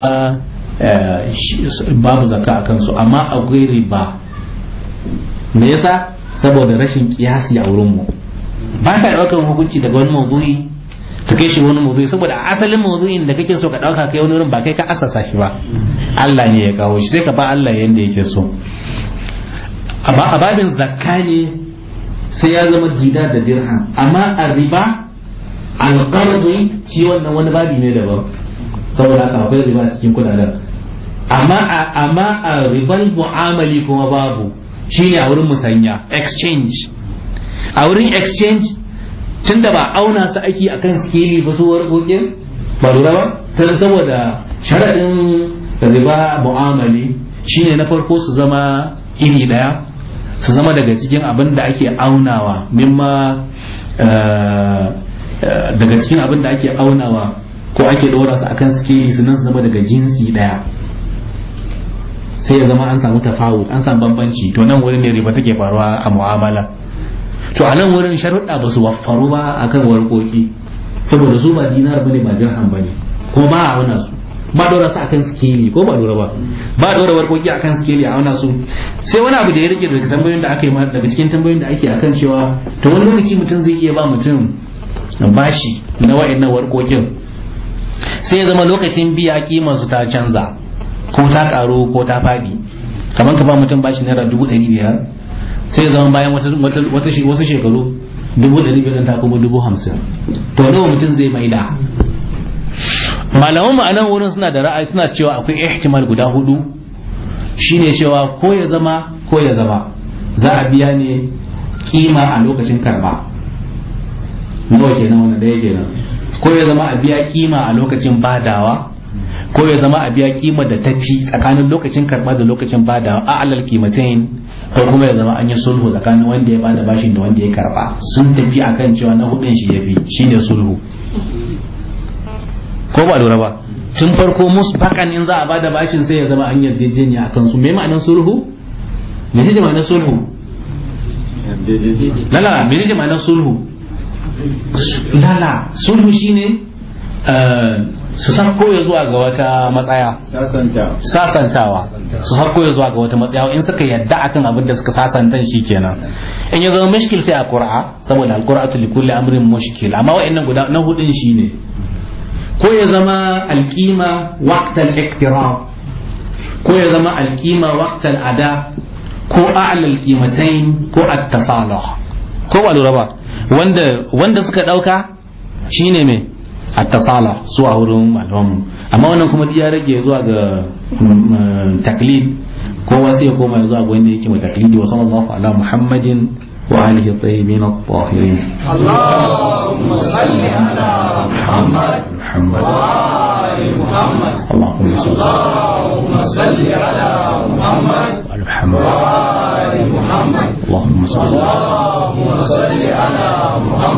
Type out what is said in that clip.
Eh, babu zaka a kansu amma akwai riba me yasa saboda rashin kiyasi a wurin mu ba ka daukar hukunci daga wani mawdu'i ka kai shi wani mawdu'i saboda asalin mawdu'in da kake so ka dauka kai wani wurin ba kai ka asasa shi ba Allah ne ya kawo shi sai ka ba Allah yanda yake so amma a babin zakka ne sai ya zama jida da dirham amma a riba alqardi shi wannan wani babi ne daban saboda haka akwai riba a cikin kudaden amma a amma a riban mu'amali kuma babu shine a wurin musanya exchange a wurin exchange tunda ba auna su aiki akan skili ba su warkokin ba lura ba tun saboda sharadin riba mu'amali shine na farko su zama iri daya su zama daga cikin abin da ake aunawa mimma eh, eh, daga cikin abin da ake aunawa ko ake ɗora su akan sikeli su nan zama daga jinsi ɗaya sai ya zama an samu tafawut an samu bambanci to nan wurin ne riba take faruwa a mu'amala to a nan wurin sharuɗa ba su waffaru ba akan warkoki saboda su ba dinar ne ba dirham ne kuma ba a auna su ba dora su akan skeli ko ba dora ba ba dora warkoki akan skeli a wannan su sai wani abu da ya rage daga tambayoyin da aka yi daga cikin tambayoyin da ake akan cewa to wani lokaci mutum zai iya ba mutum bashi na wa'annan warkokin sai ya zama lokacin biya kimar su ta canza ko ta karu ko ta faɗi kamar ka ba mutum bashi naira dubu ɗari biyar sai ya zama bayan wasu shekaru dubu ɗari biyar ta kuma dubu hamsin to nawa mutum zai maida malaman ma'anan wurin suna da ra'ayi suna cewa akwai ihtimal guda hudu shine cewa ko ya zama ko ya zama za a biya ne kima a lokacin karba nawa kenan wannan daya kenan ko ya zama a biya kima a lokacin badawa ko ya zama a biya kima da tafi tsakanin lokacin karba da lokacin badawa a alal kimatain ko kuma ya zama an yi sulhu tsakanin wanda ya bada bashin da wanda ya karba sun tafi akan cewa na hudun shi yafi shine sulhu ko ba lura ba tun farko musbakan in za a bada bashin sai ya zama an yarjejeniya akan su me ma'anar sulhu me ce ma'anar sulhu lala me ma'anar sulhu lala sulhu shine eh, su sarko ya zuwa ga wata matsaya sasantawa su sarko ya zuwa ga wata matsaya in suka yadda akan abin da suka sasantan shi kenan in ya zama mushkil sai a qur'a saboda al li kulli amrin mushkil amma wa'annan guda na hudun shine ko ya zama alƙima waqtal iqtirab ko ya zama alƙima waqtal ada ko a'la al ko at-tasaluh ko ba lura ba wanda wanda suka dauka shine me attasala su a wurin malamanmu amma wannan kuma ya rage zuwa ga mm, mm, taklid kowa wasu ya koma zuwa ga wanda yake mai taklidi wa sallallahu ala muhammadin wa alihi tayyibin at-tahirin Allahumma salli ala muhammad muhammad محمد اللهم صل اللهم صل على محمد وعلى محمد وعلى محمد اللهم صل اللهم صل على محمد